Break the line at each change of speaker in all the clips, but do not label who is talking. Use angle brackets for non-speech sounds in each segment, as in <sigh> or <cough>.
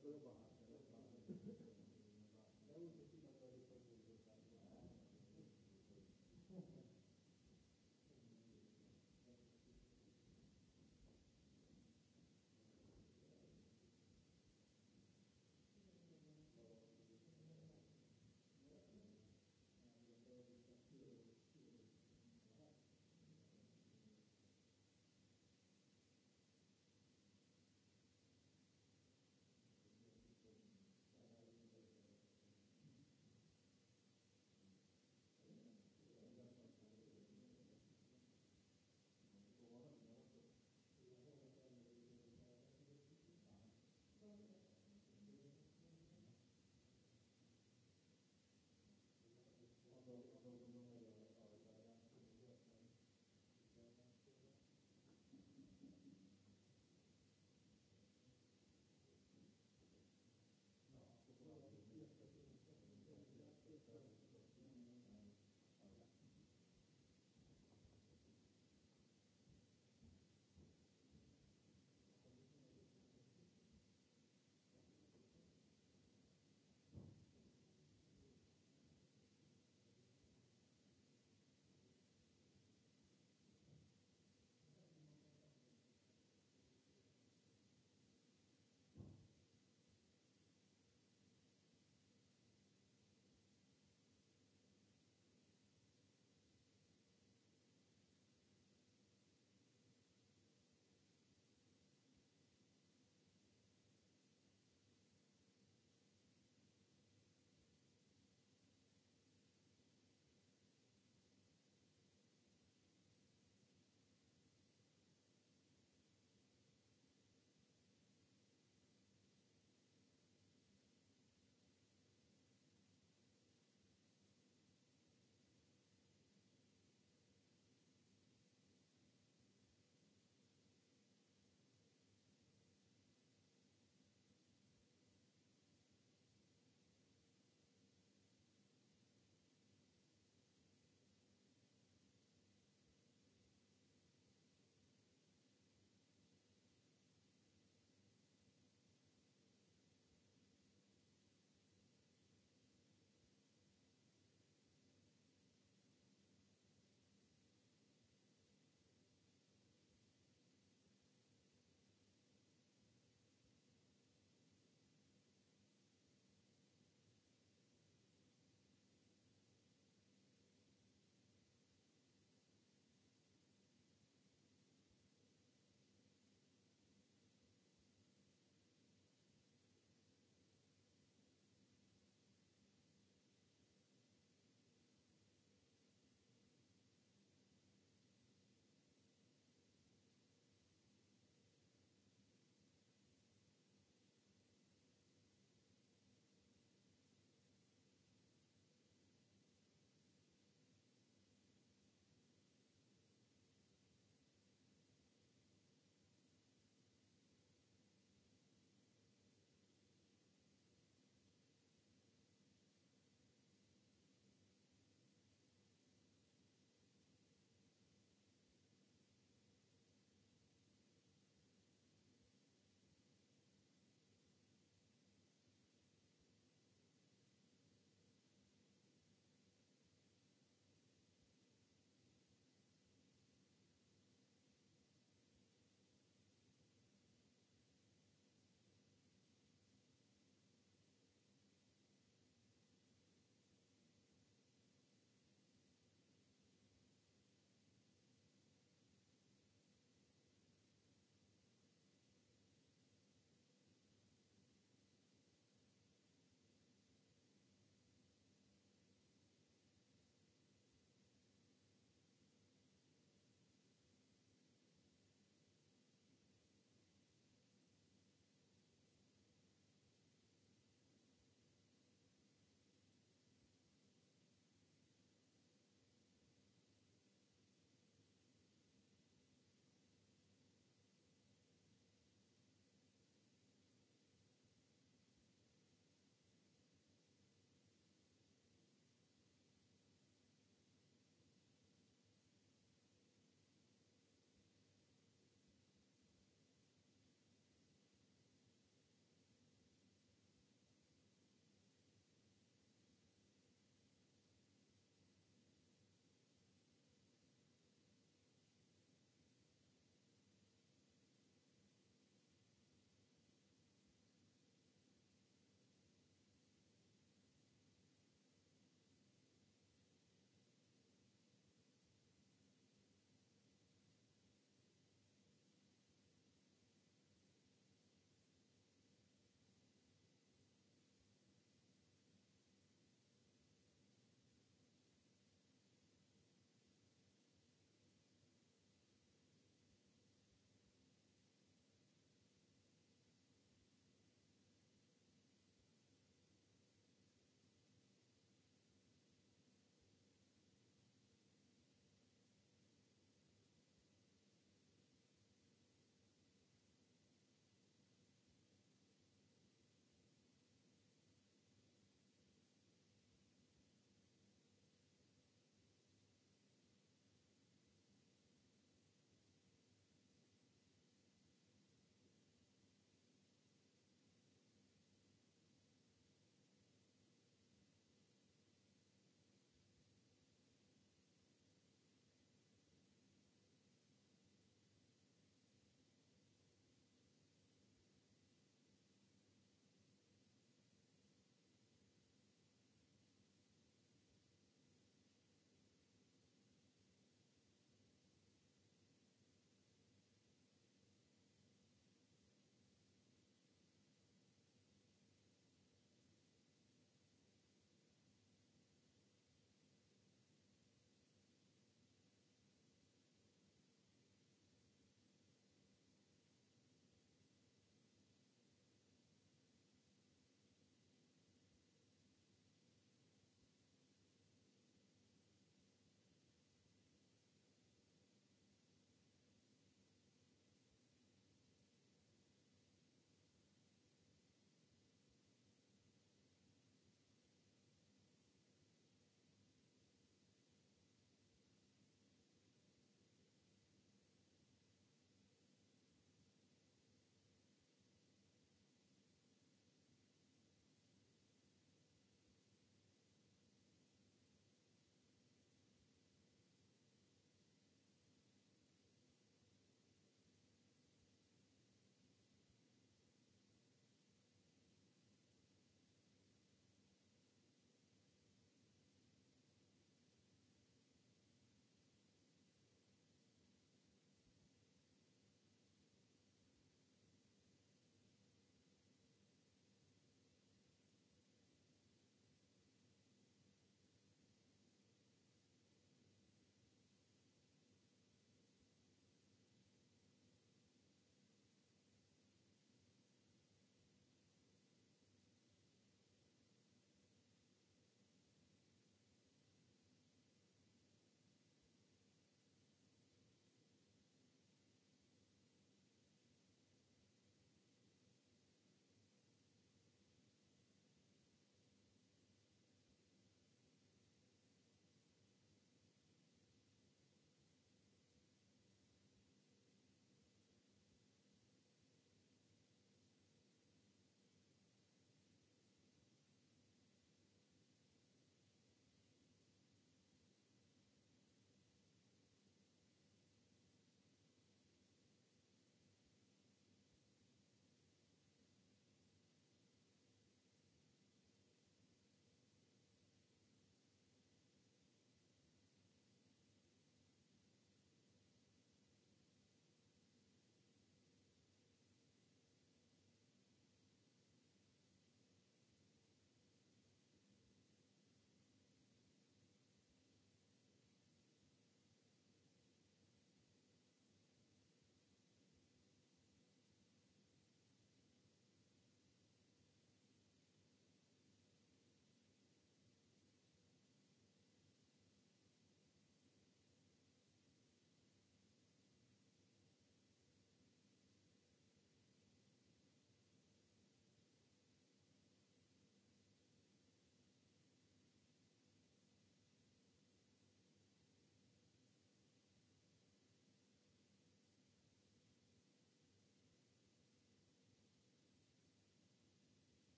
treba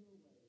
Hvala što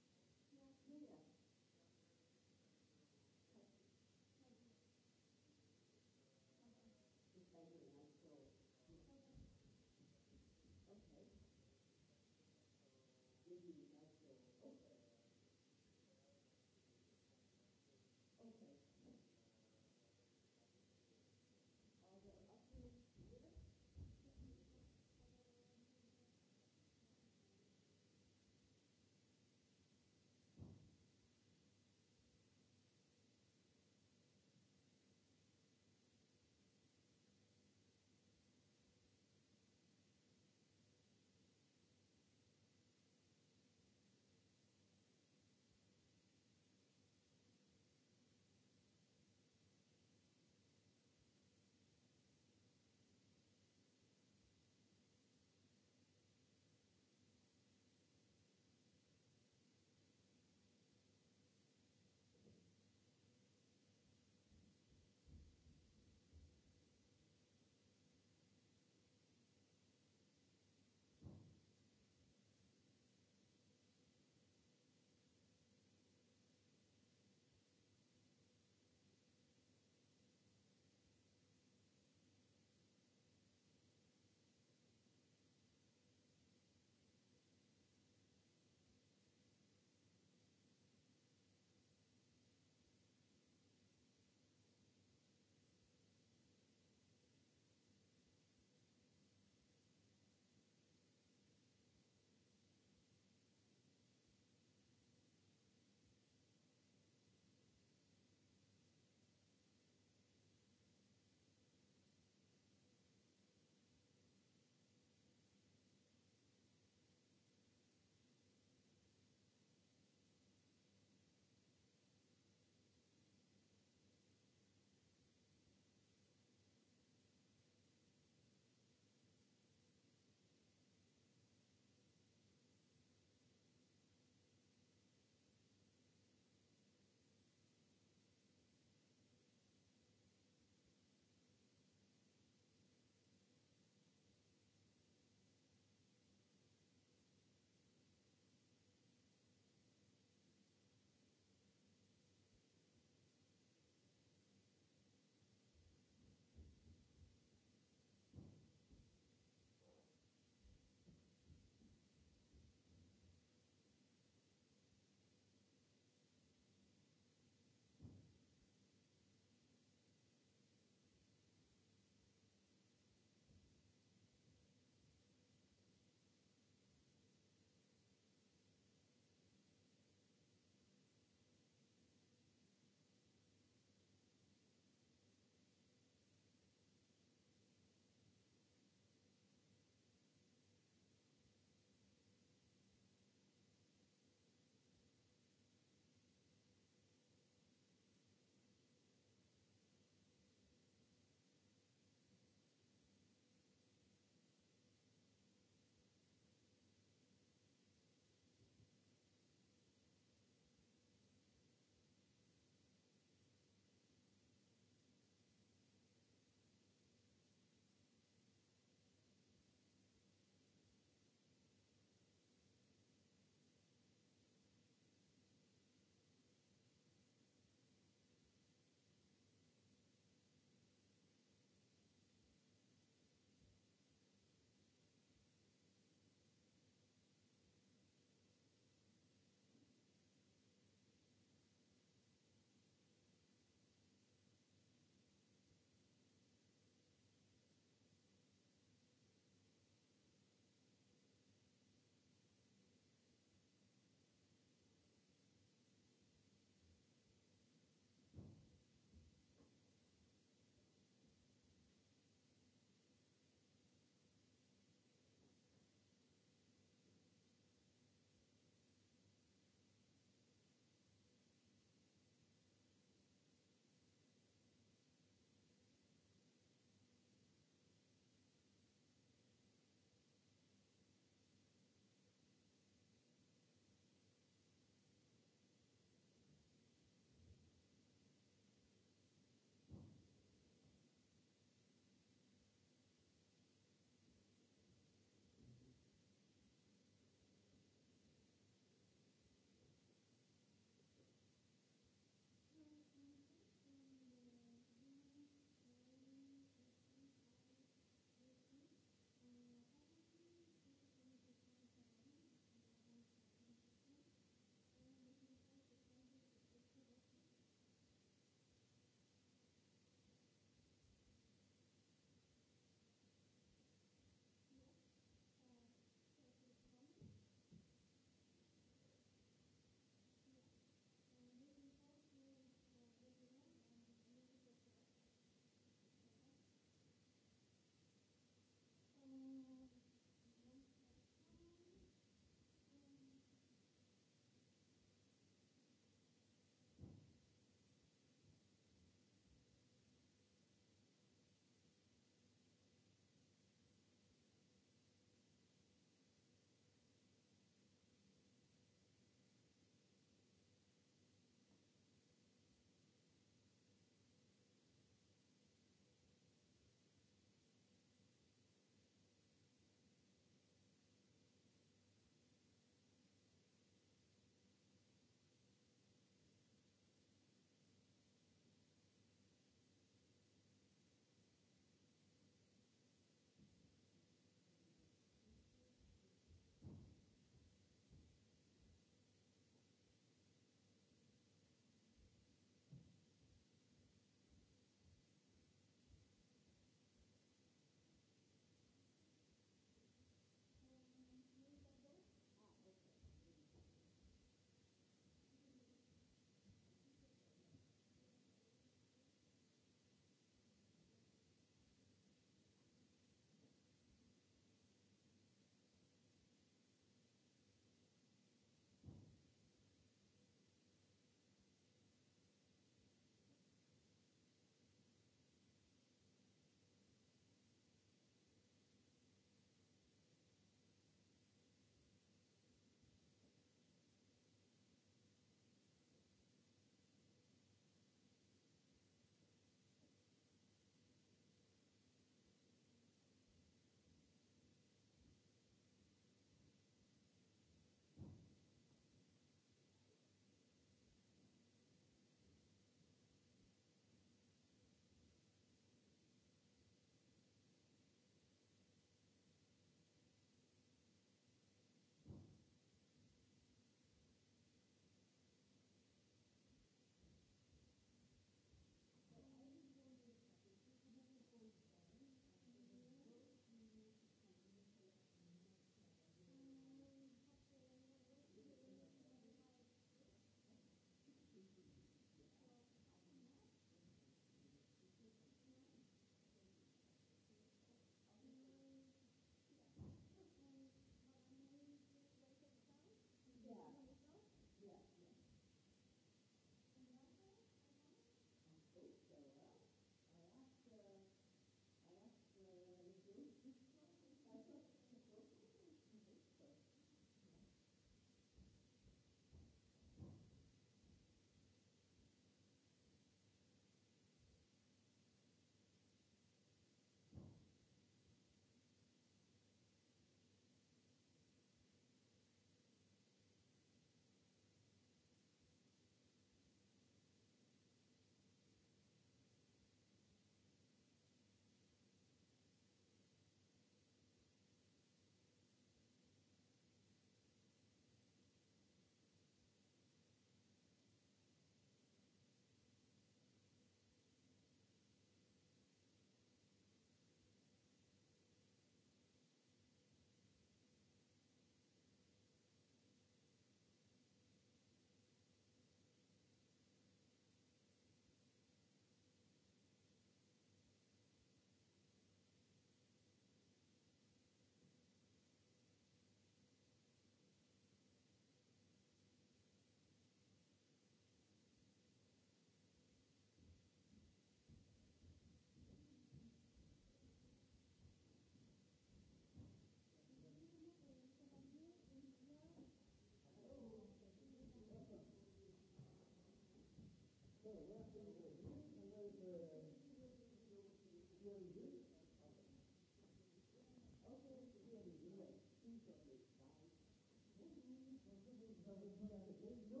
Izvolite.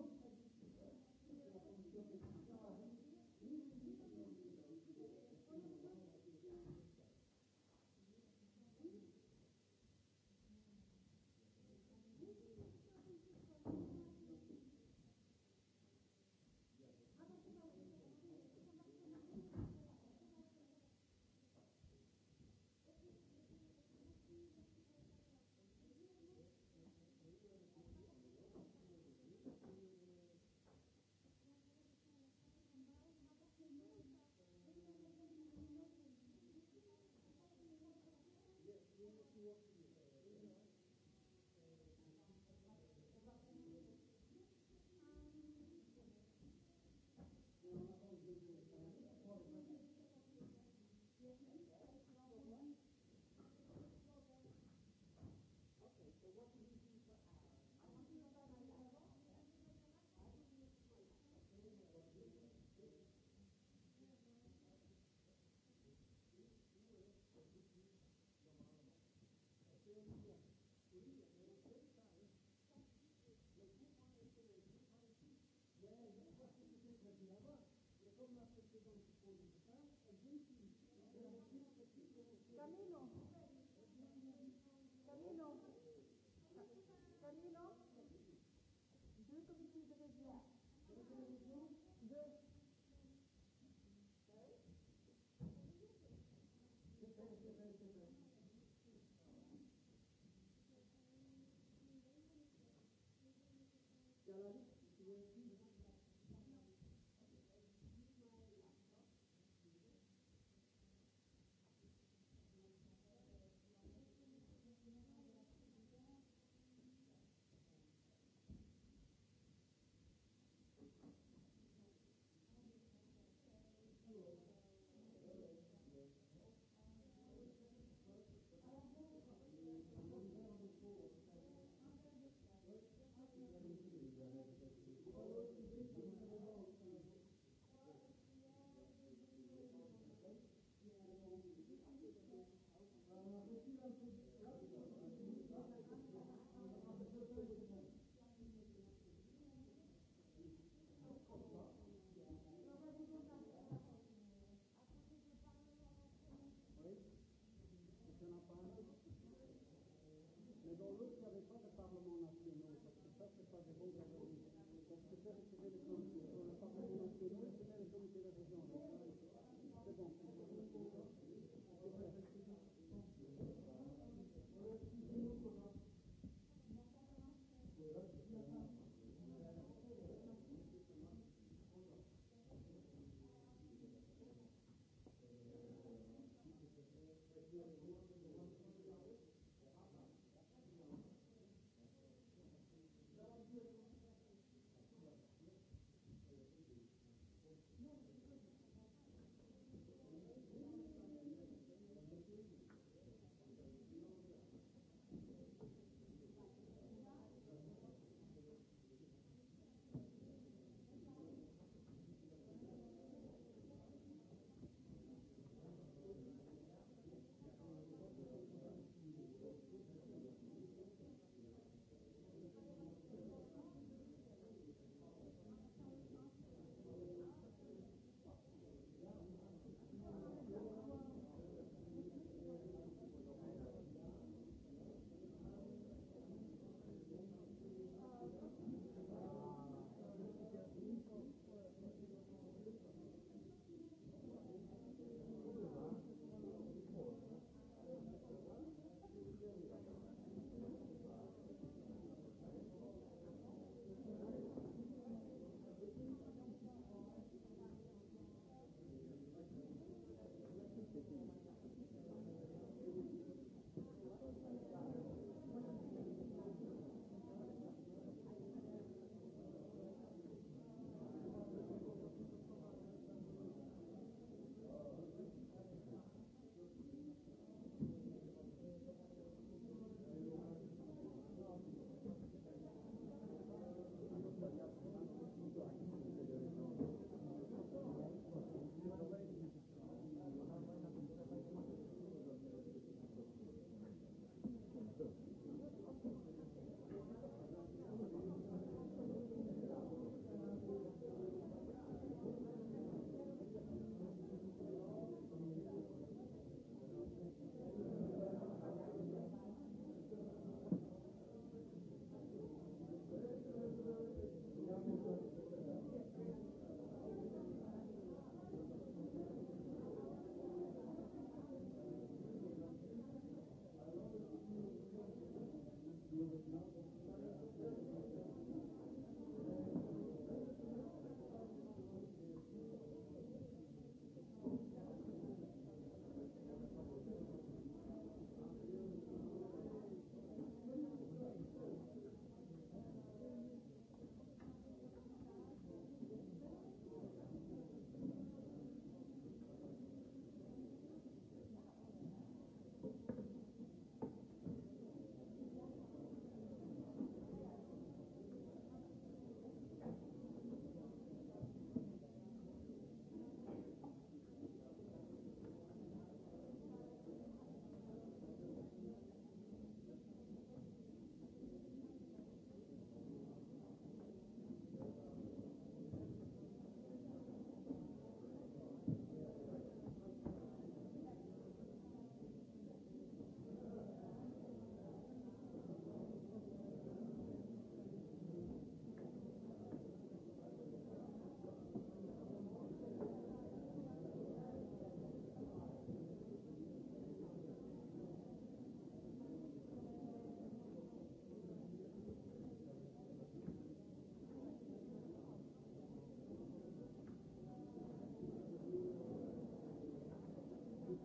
u Camilo Hvala da pogleda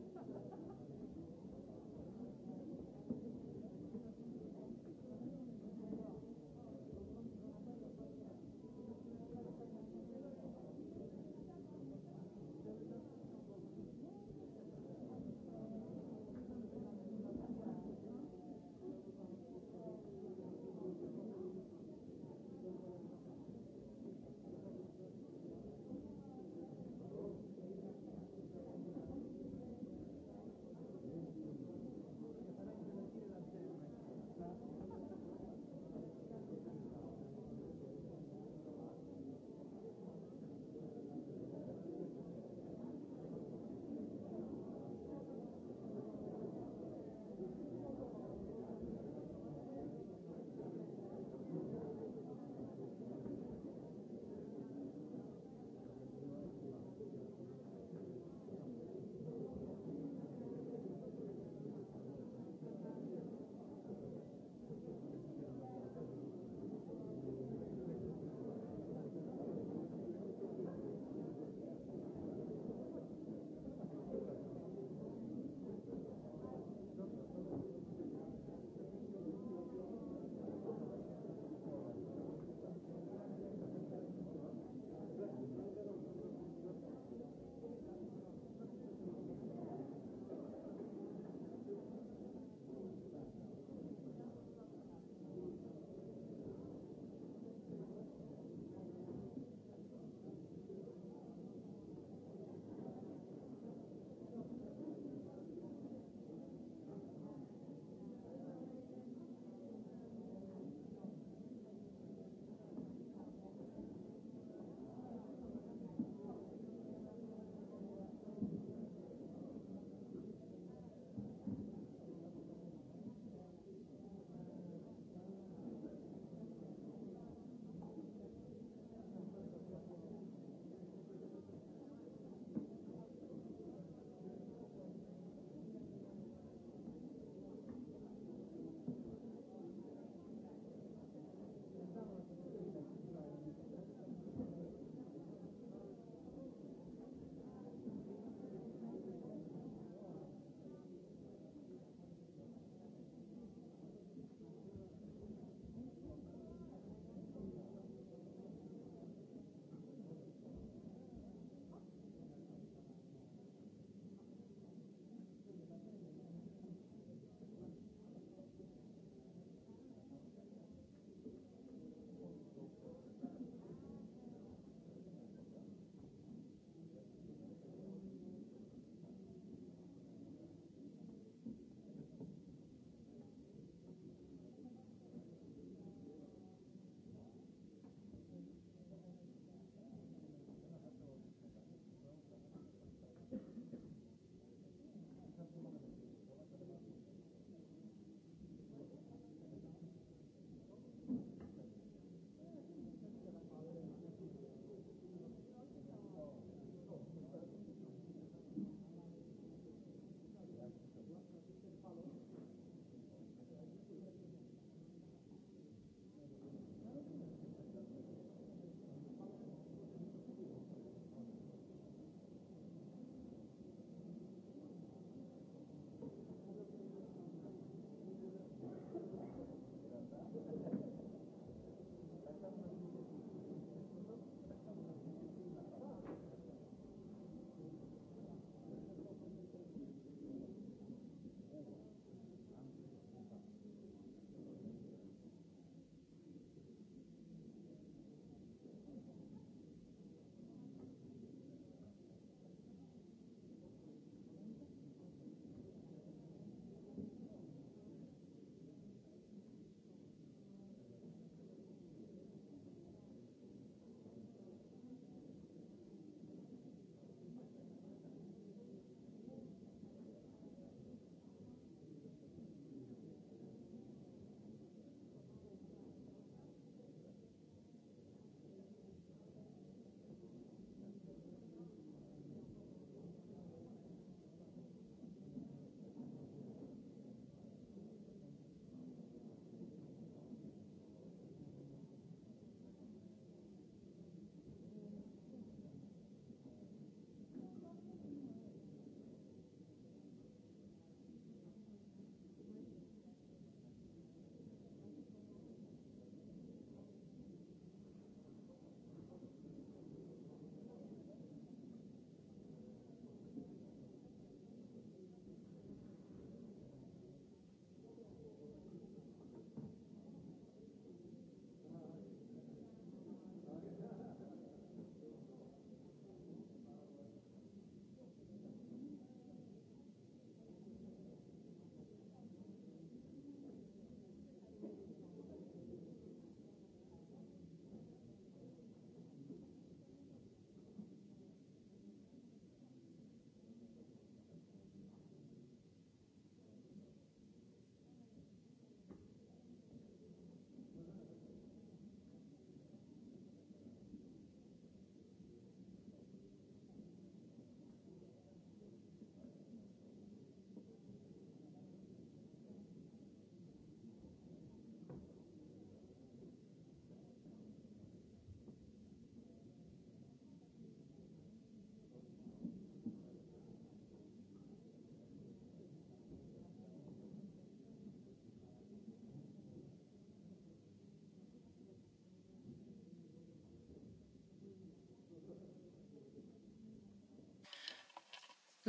Ha ha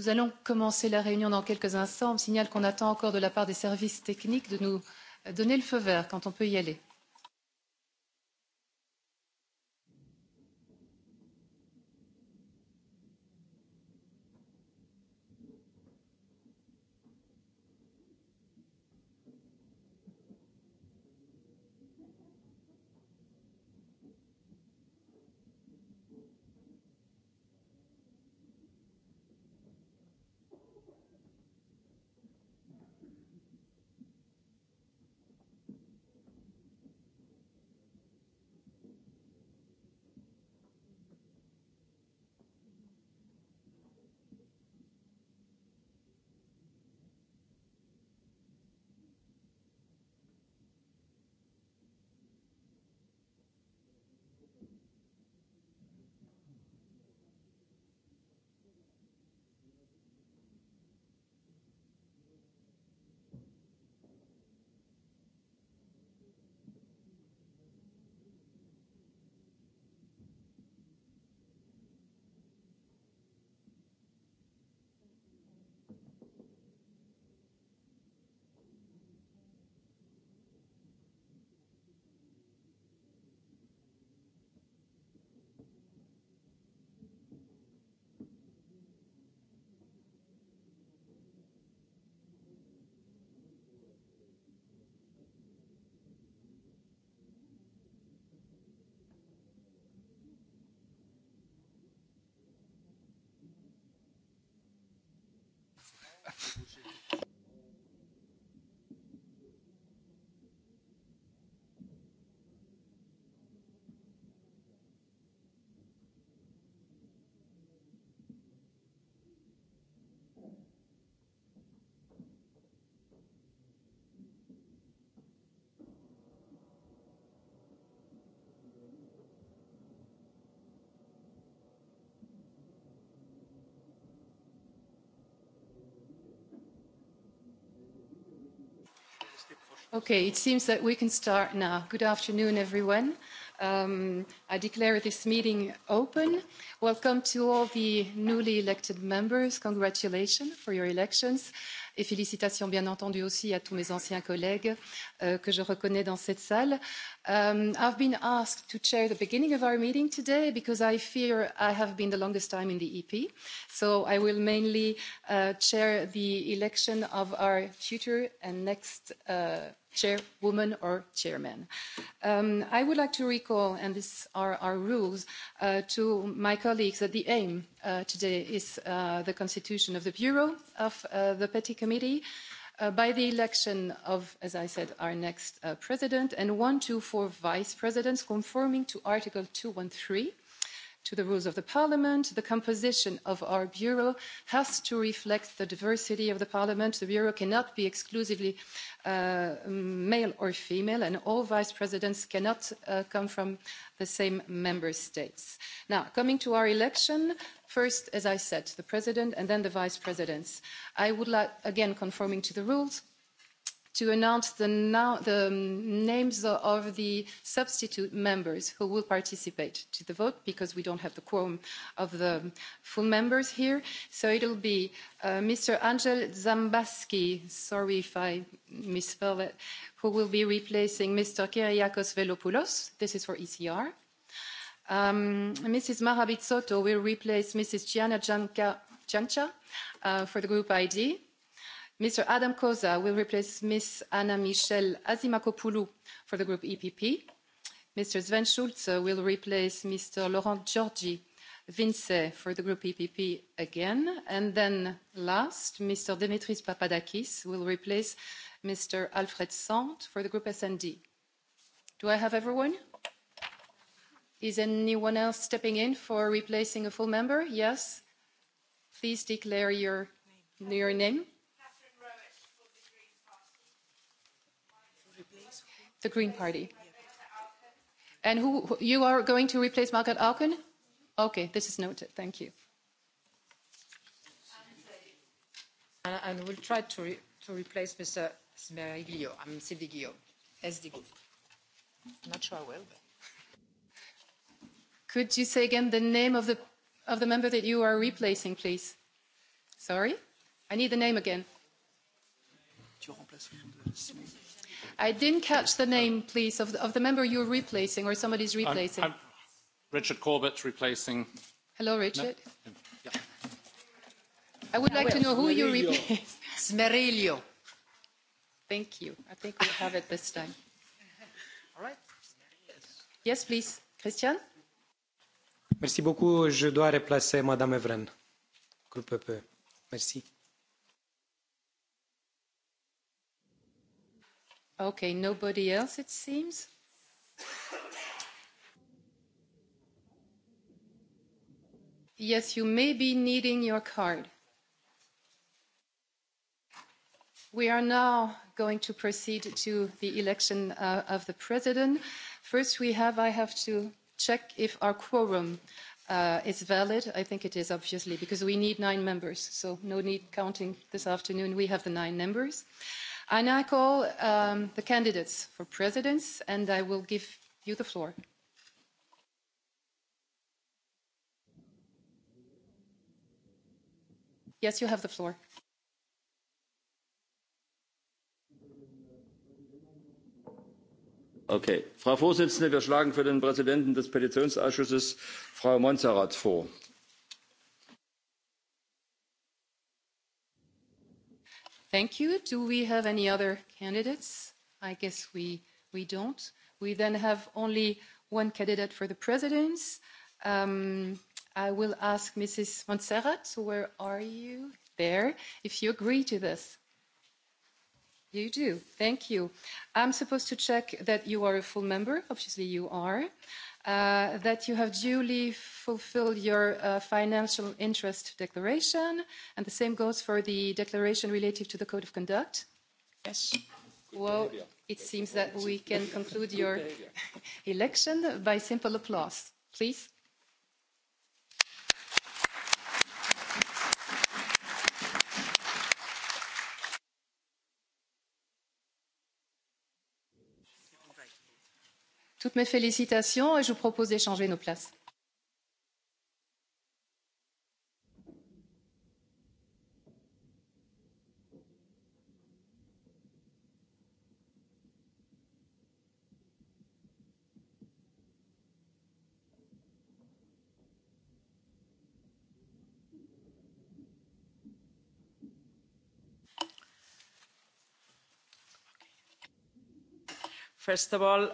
Nous allons commencer la réunion dans quelques instants. On signale qu'on attend encore de la part des services techniques de nous euh, donner le feu vert quand on peut y aller. Okay, it seems that we can start now. Good afternoon, everyone. Um, I declare this meeting open. Welcome to all the newly elected members. Congratulations for your elections. Et félicitations, bien entendu, aussi à tous mes anciens collègues euh, que je reconnais dans cette salle. Um, I've been asked to chair the beginning of our meeting today because I fear I have been the longest time in the EP. So I will mainly uh, chair the election of our future and next uh, chairwoman or chairman. Um, I would like to recall, and these are our rules, uh, to my colleagues that the aim uh, today is uh, the constitution of the Bureau of the Petty Committee by the election of, as I said, our next president and one to four vice presidents conforming to Article 213 to the rules of the parliament the composition of our bureau has to reflect the diversity of the parliament the bureau cannot be exclusively uh, male or female and all vice presidents cannot uh, come from the same member states. now coming to our election first as i said the president and then the vice presidents. i would like again conforming to the rules to announce the, the um, names of the substitute members who will participate to the vote because we don't have the quorum of the full members here. So it'll be uh, Mr. Angel Zambaski, sorry if I misspell it, who will be replacing Mr. Kyriakos Velopoulos. This is for ECR. Um, Mrs. Mahabitsoto will replace Mrs. Gianna Jancha uh, for the group ID Mr. Adam Koza will replace Ms. Anna michelle Azimakopoulou for the group EPP. Mr. Sven Schulze will replace Mr. Laurent georgi Vince for the group EPP again. And then last, Mr. Dimitris Papadakis will replace Mr. Alfred Sant for the group S&D. Do I have everyone? Is anyone else stepping in for replacing a full member? Yes. Please declare your, your name.
the Green Party.
And who, you are going to replace Margaret Auken? Okay, this is noted. Thank you. And I try to, re, to replace Mr. Smeriglio. Um, I'm Sidiglio. SD Group. Not sure I will, but. Could you say again the name of the, of the member that you are replacing, please? Sorry? I need the name again. I didn't catch the name, please, of the, member you're replacing or somebody's replacing. I'm, Richard Corbett replacing. Hello, Richard. I would like to know who you replace. Smerilio. Thank you. I think we have it this time. All right. Yes, please. Christian? Merci beaucoup. Je dois replacer Madame Evren,
groupe PPE. Merci.
Okay, nobody else it seems. Yes, you may be needing your card. We are now going to proceed to the election uh, of the president. First, we have, I have to check if our quorum uh, is valid. I think it is, obviously, because we need nine members. So no need counting this afternoon. We have the nine members i now call um, the candidates for presidents and i will give you the floor. yes you have the floor.
Okay. frau Vorsitzende, wir schlagen für den präsidenten des petitionsausschusses frau montserrat vor.
Thank you. Do we have any other candidates? I guess we, we don't. We then have only one candidate for the presidents. Um, I will ask Mrs. Montserrat, where are you? There, if you agree to this. You do. Thank you. I'm supposed to check that you are a full member. Obviously, you are. Uh, that you have duly fulfilled your uh, financial interest declaration and the same goes for the declaration relative to the code of conduct yes well it seems that we can conclude your <laughs> election by simple applause please toutes mes félicitations et je vous propose d'échanger nos places.
first of all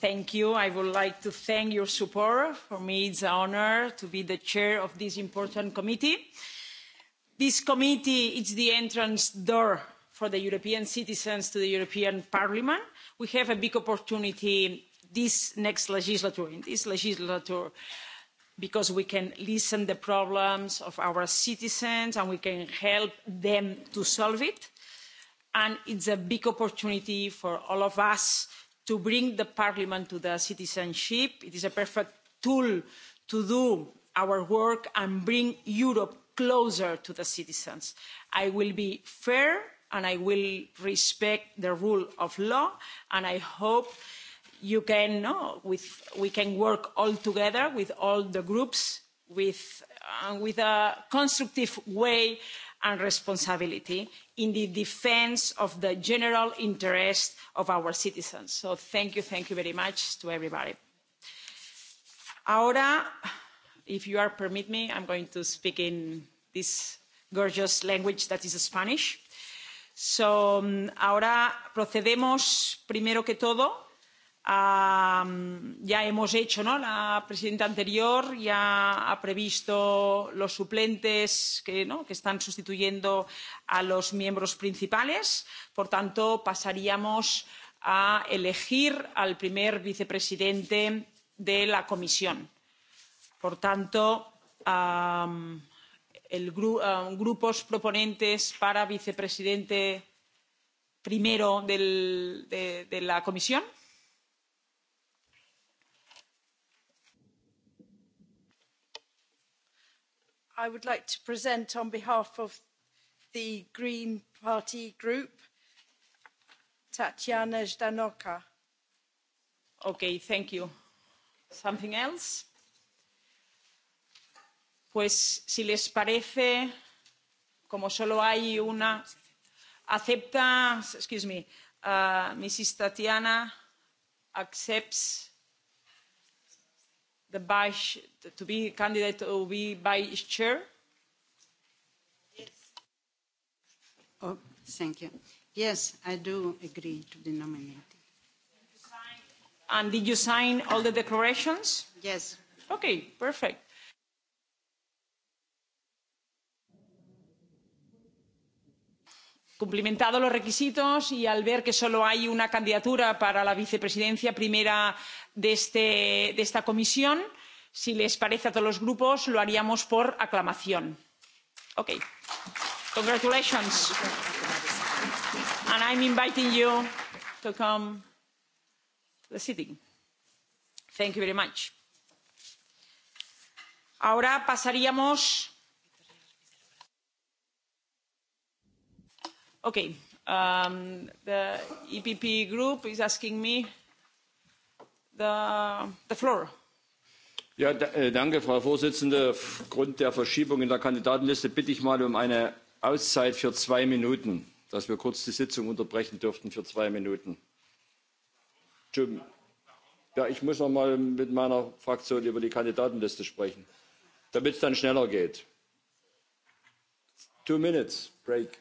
thank you. I would like to thank your support. For me, it's an honour to be the chair of this important committee. This committee is the entrance door for the European citizens to the European Parliament. We have a big opportunity this next legislature, in this legislature, because we can listen to the problems of our citizens and we can help them to solve it. And it's a big opportunity for all of us to bring the parliament to the citizenship. it is a perfect tool to do our work and bring europe closer to the citizens. i will be fair and i will respect the rule of law and i hope you can know we can work all together with all the groups with, uh, with a constructive way and responsibility in the defence of the general interest of our citizens. so thank you thank you very much to everybody. ahora if you are permit me i'm going to speak in this gorgeous language that is spanish. so um, ahora procedemos primero que todo a mm, ya hemos hecho ¿no? la presidenta anterior ya ha previsto los suplentes que, ¿no? que están sustituyendo a los miembros principales por tanto pasaríamos a elegir al primer vicepresidente de la comisión. por tanto um, el gru grupos proponentes para vicepresidente primero del, de la comisión i would like to present on behalf of the green party group Tatiana Danoka. Okay, thank you. Something else? Pues si les parece, como solo hay una, acepta, excuse me, uh, Mrs. Tatiana accepts the vice to be candidate to be vice chair? Yes. Oh, thank you. Yes, I do agree to be nominated. And did you sign all the declarations? Yes. Okay, perfect. cumplimentados los requisitos y al ver que solo hay una candidatura para la vicepresidencia primera de, esta comisión si les parece a todos los grupos lo haríamos por aclamación. congratulations and i'm inviting you to come to the sitting. thank you very much. ahora pasaríamos Okay. Um, the EPP group is asking me the, the floor.
Ja, äh, danke, Frau Vorsitzende. Aufgrund der Verschiebung in der Kandidatenliste bitte ich mal um eine Auszeit für zwei Minuten, dass wir kurz die Sitzung unterbrechen dürften für zwei Minuten. Ja, ich muss noch mal mit meiner Fraktion über die Kandidatenliste sprechen, damit es dann schneller geht. Two minutes break.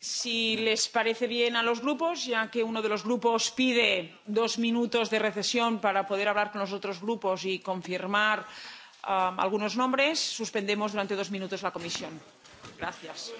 Si, les parece bien a los grupos, ya que uno de los grupos pide dos minutos de recesión para poder hablar con los otros grupos y confirmar um, algunos nombres, suspendemos durante dos minutos la comisión. Gracias.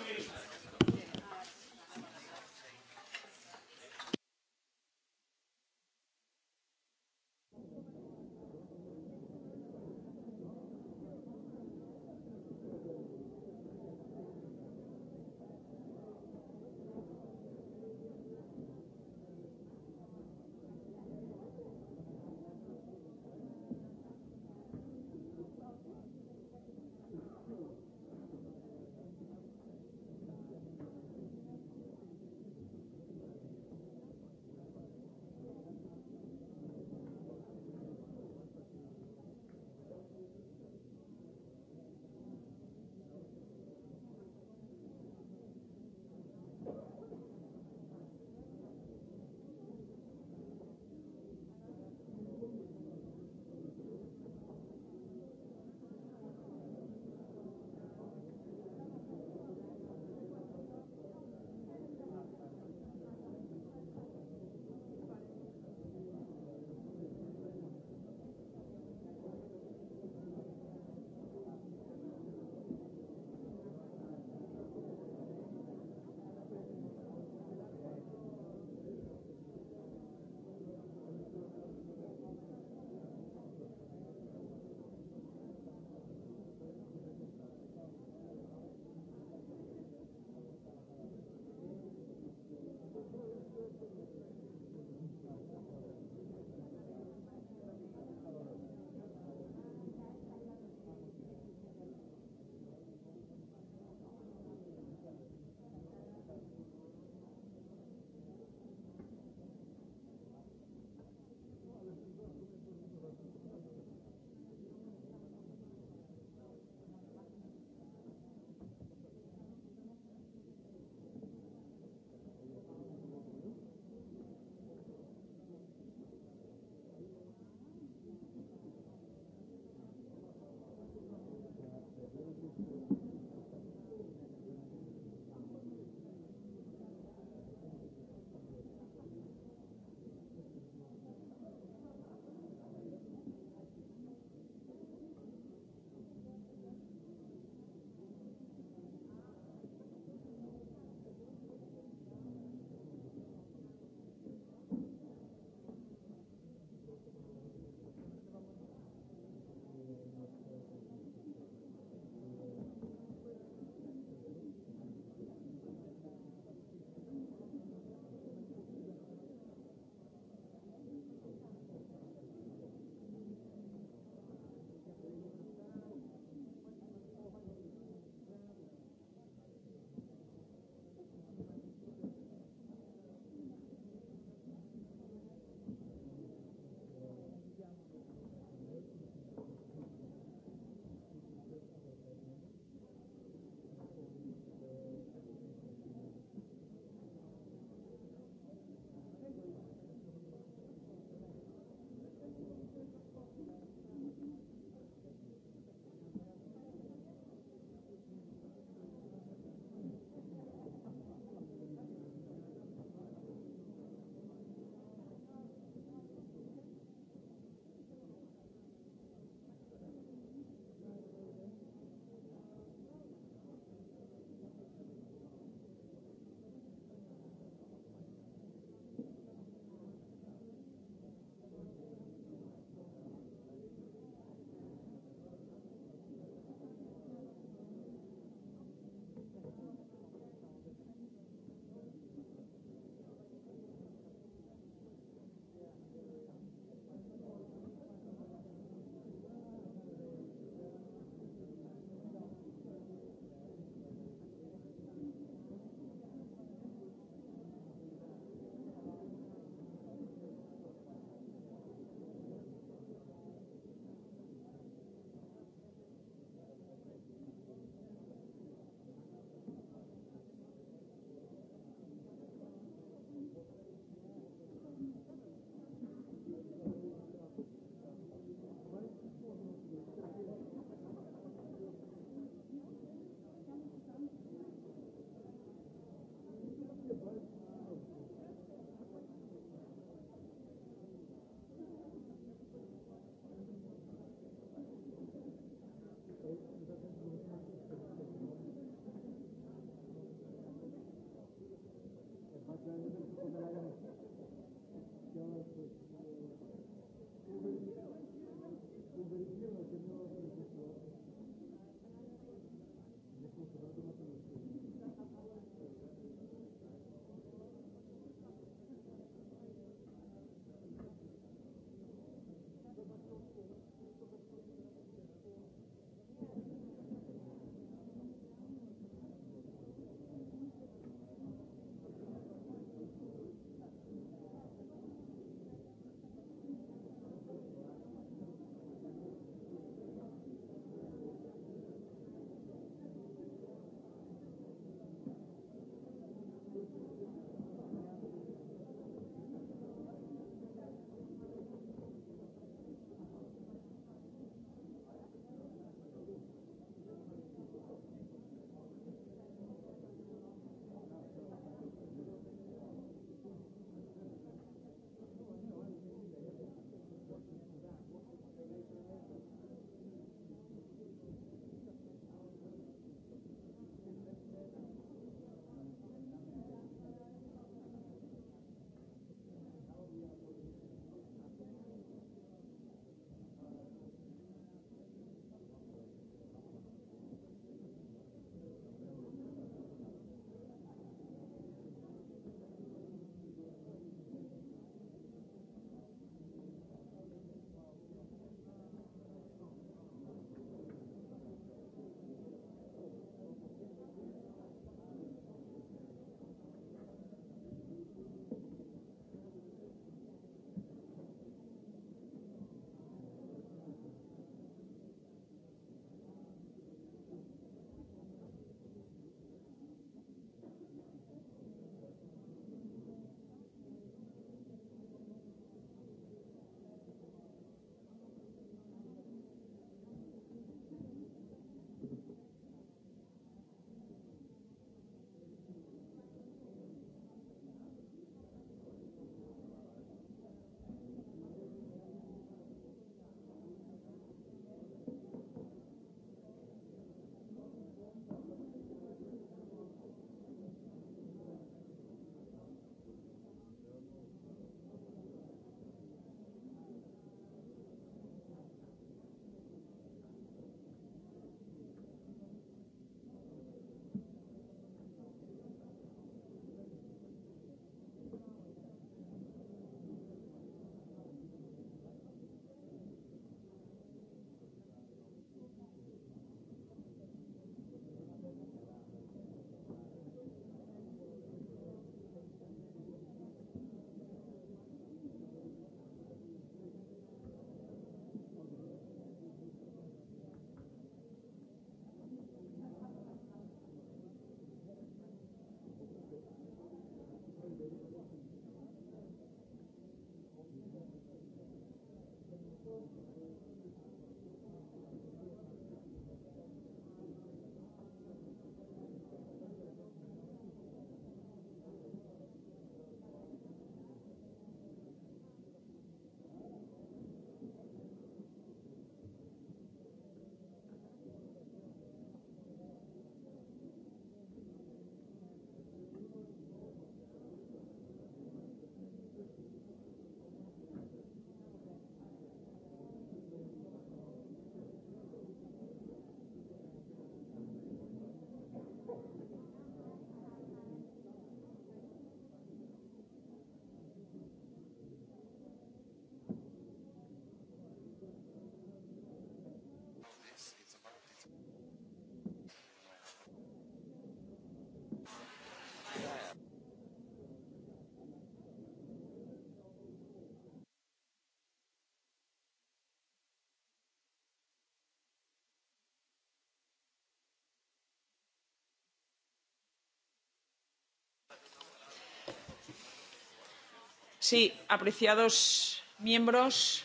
sí apreciados miembros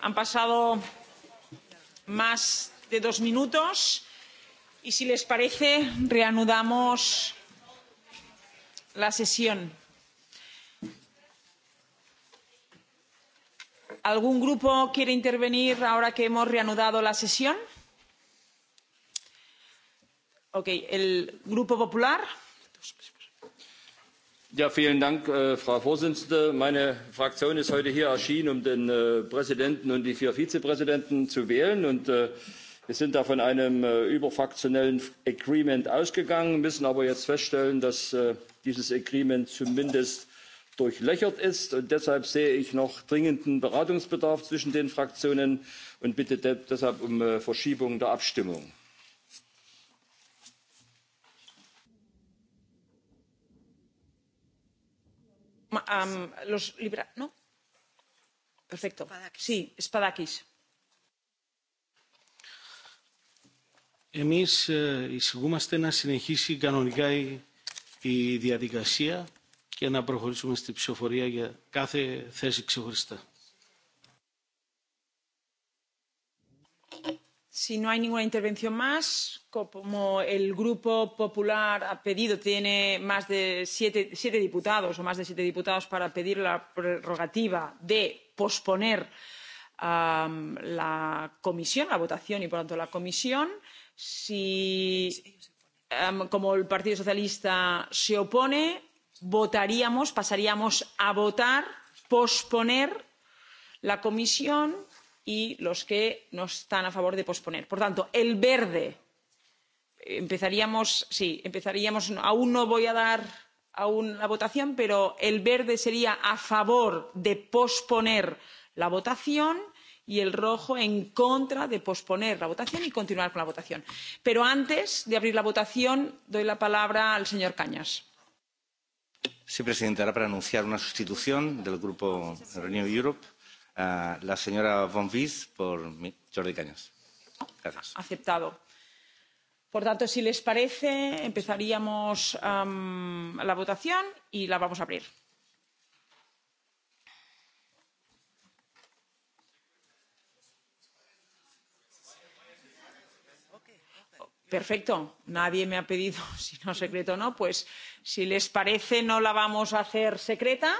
han pasado más de dos minutos y si les parece reanudamos la sesión. algún grupo quiere intervenir ahora que hemos reanudado la sesión? el grupo popular.
Äh, Frau Vorsitzende. Meine Fraktion ist heute hier erschienen, um den äh, Präsidenten und die vier Vizepräsidenten zu wählen. Und äh, wir sind da von einem überfraktionellen Agreement ausgegangen, müssen aber jetzt feststellen, dass dieses Agreement zumindest durchlöchert ist. Und deshalb sehe ich noch dringenden Beratungsbedarf zwischen den Fraktionen und bitte deshalb um Verschiebung der Abstimmung.
Um, los libra... ¿No? Perfecto. Sí, Spadakis.
Εμείς εισηγούμαστε να συνεχίσει κανονικά η, η διαδικασία και να προχωρήσουμε στη ψηφοφορία για κάθε θέση ξεχωριστά.
si no hay ninguna intervención más como el grupo popular ha pedido tiene más de siete, diputados o más de siete diputados para pedir la prerrogativa de posponer la comisión la votación y por tanto la comisión si como el partido socialista se opone votaríamos pasaríamos a votar posponer la comisión y los que no están a favor de posponer. por tanto el verde empezaríamos sí empezaríamos aún no voy a dar aún la votación pero el verde sería a favor de posponer la votación y el rojo en contra de posponer la votación y continuar con la votación. pero antes de abrir la votación doy la palabra al señor cañas.
sí presidenta era para anunciar una sustitución del grupo renew europe a la señora von Wies por
Jordi Cañas. Gracias. Aceptado. Por tanto, si les parece, empezaríamos la votación y la vamos a abrir. Perfecto. Nadie me ha pedido <laughs> si no secreto o no. Pues si les parece, no la vamos a hacer secreta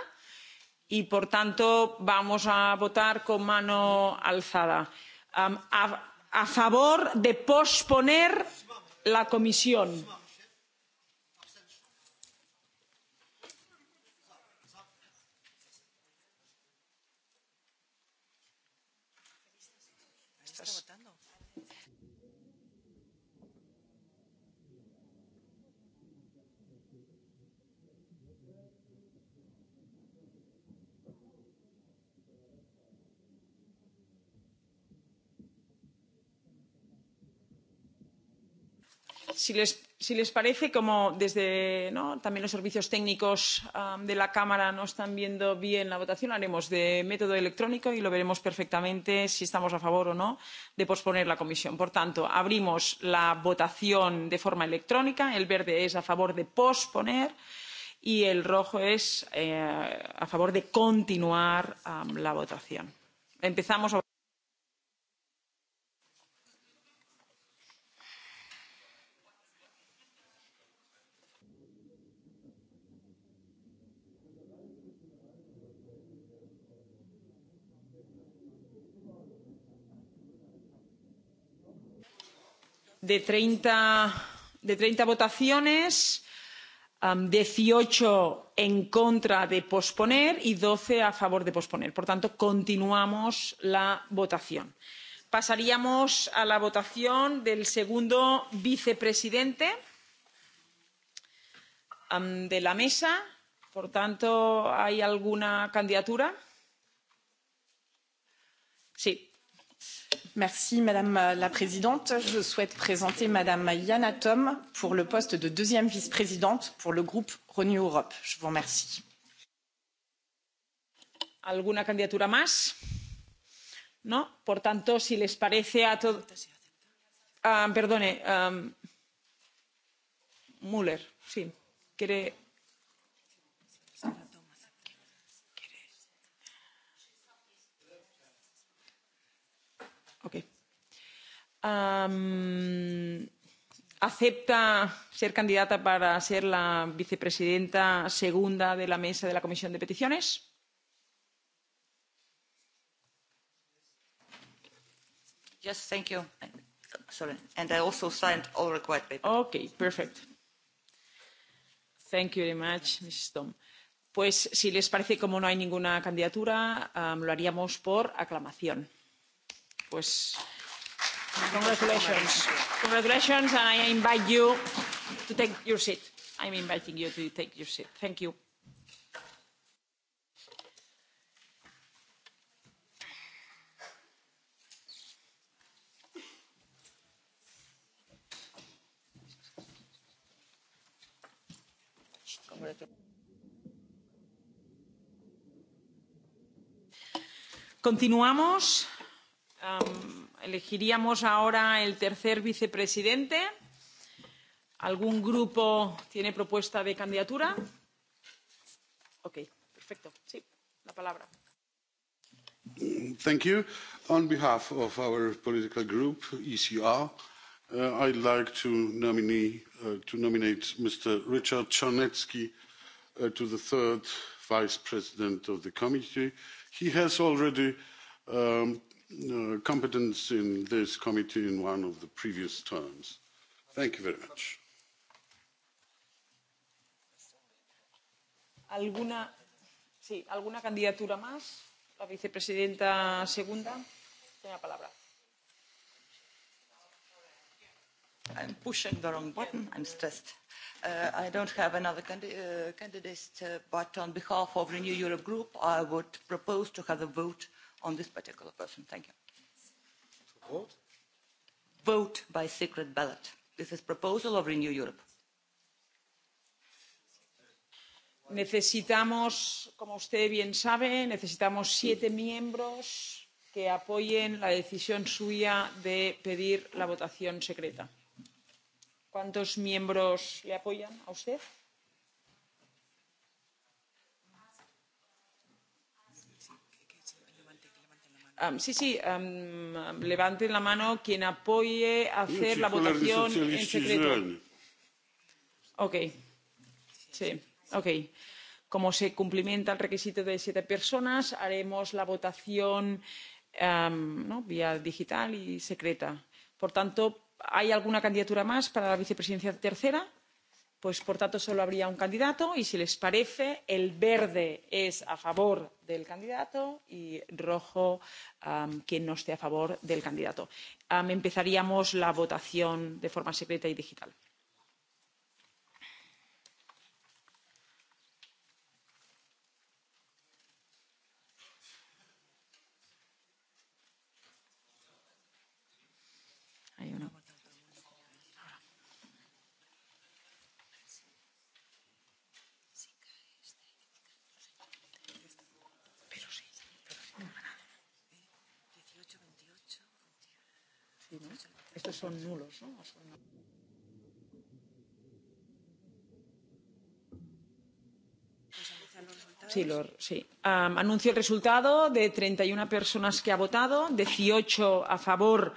y por tanto vamos a votar con mano alzada a, a favor de posponer la comisión. si les, si les parece como desde ¿no? también los servicios técnicos de la cámara no están viendo bien la votación haremos de método electrónico y lo veremos perfectamente si estamos a favor o no de posponer la comisión. por tanto abrimos la votación de forma electrónica el verde es a favor de posponer y el rojo es eh, a favor de continuar la votación. empezamos de treinta de 30 votaciones dieciocho en contra de posponer y doce a favor de posponer. por tanto continuamos la votación. pasaríamos a la votación del segundo vicepresidente de la mesa. por tanto hay alguna candidatura? sí Merci Madame la Présidente. Je souhaite présenter Madame Yana Tom pour le poste de deuxième vice-présidente pour le groupe Renew Europe. Je vous remercie. ¿Alguna candidatura más? No. Por tanto, si les parece a todos. Ah, perdone. Um, Müller, sí. ¿Quiere Okay. acepta ser candidata para ser la vicepresidenta segunda de la mesa de la comisión de peticiones? Yes, thank you. Sorry. And I also signed all required papers. Okay, perfect. Thank you very much, Mrs. Tom. Pues si les parece, como no hay ninguna candidatura, lo haríamos por aclamación. Pues congratulations. Congratulations and I invite you to take your seat. I'm inviting you to take your seat. Thank you. Continuamos um, elegiríamos ahora el tercer vicepresidente. ¿Algún grupo tiene propuesta de candidatura? Ok, perfecto. Sí, la palabra.
Mm, thank you. On behalf of our
political group, ECR, uh, I'd like to, nominate, uh, to nominate Mr. Richard Czarnecki uh, to the third vice president of the committee. He has already um, Uh, competence in this committee in one of the previous terms. Thank you very much. ¿Alguna, sí, ¿alguna candidatura más? La vicepresidenta segunda tiene la palabra. I'm pushing the wrong button. I'm stressed.
Uh, I don't have another candi uh, candidate, uh, but on behalf of Renew Europe
Group, I would propose to have a vote on this particular person. Thank you. vote? Vote by secret ballot. This is proposal of Renew Europe. Necesitamos, como usted bien sabe, necesitamos siete miembros que apoyen la decisión suya de pedir la votación secreta. ¿Cuántos miembros le apoyan a usted? sí, sí, levanten la mano quien apoye hacer la votación en secreto. Como se cumplimenta el requisito de siete personas, haremos la votación ¿no? vía digital y secreta. Por tanto, ¿hay alguna candidatura más para la vicepresidencia tercera? pues por tanto solo habría un candidato y si les parece el verde es a favor del candidato y rojo quien no esté a favor del candidato. empezaríamos la votación de forma secreta y digital. Sí, lo, sí. Um, anuncio el resultado de 31 personas que ha votado, 18 a favor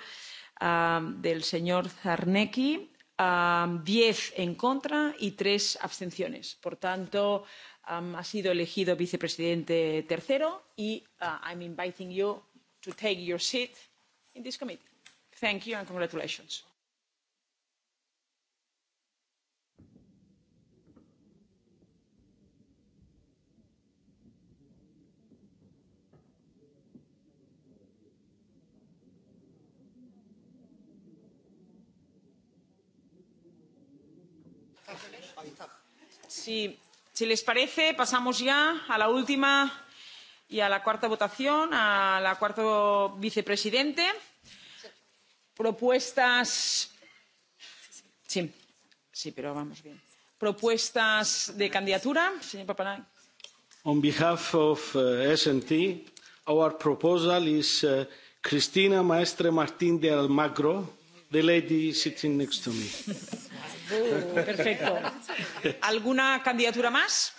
uh, del señor Zarnecki, uh, 10 en contra y 3 abstenciones. Por tanto, um, ha sido elegido vicepresidente tercero y uh, I'm inviting you to take your seat in this committee. Thank you and congratulations. Si, les parece, pasamos ya a la última y a la cuarta votación, a la cuarto vicepresidente. Propuestas. Sí, sí, pero vamos bien. Propuestas de candidatura, señor
On behalf of uh, S&T, our proposal is uh, Cristina Maestre Martín de Almagro, the lady sitting next to me. <laughs>
perfecto. <laughs> alguna candidatura más?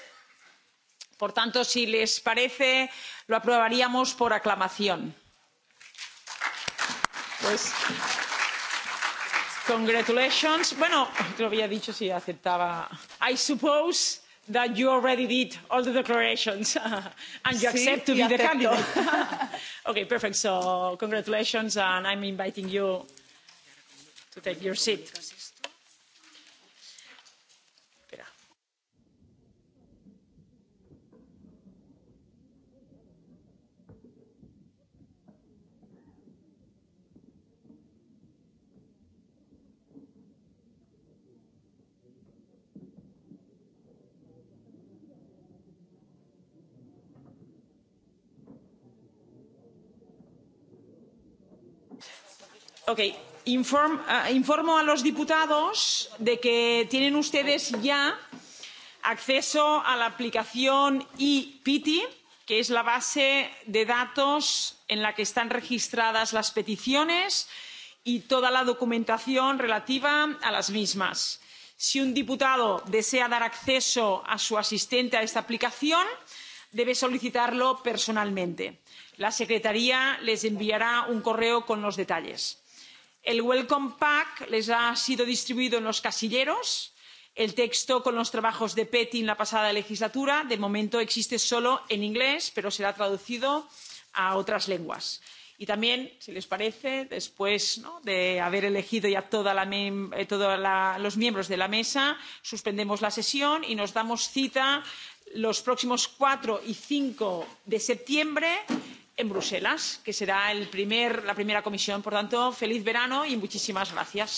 por tanto si les parece lo aprobaríamos por aclamación. pues congratulations. bueno te lo había dicho si aceptaba. i suppose that you already did all the declarations <laughs> and you sí, accept to be the candidate. <laughs> okay, perfect. So congratulations and I'm inviting you to take your seat. Eh, informo a los diputados de que tienen ustedes ya acceso a la aplicación epiti que es la base de datos en la que están registradas las peticiones y toda la documentación relativa a las mismas. si un diputado desea dar acceso a su asistente a esta aplicación debe solicitarlo personalmente. la secretaría les enviará un correo con los detalles el welcome pack les ha sido distribuido en los casilleros el texto con los trabajos de peti en la pasada legislatura de momento existe solo en inglés pero será traducido a otras lenguas y también si les parece después de haber elegido ya todos eh, los miembros de la mesa suspendemos la sesión y nos damos cita los próximos cuatro y cinco de septiembre en bruselas que será el primer, la primera comisión. por tanto feliz verano y muchísimas gracias.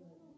Hvala